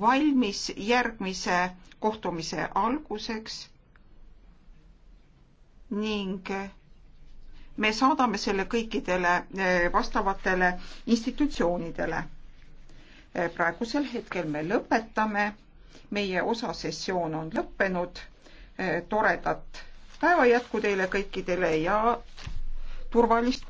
valmis järgmise kohtumise alguseks ning me saadame selle kõikidele eh, vastavatele institutsioonidele. Eh, praegusel hetkel me lõpetame, meie osasessioon on lõppenud, eh, toredat päeva jätku teile kõikidele ja turvalist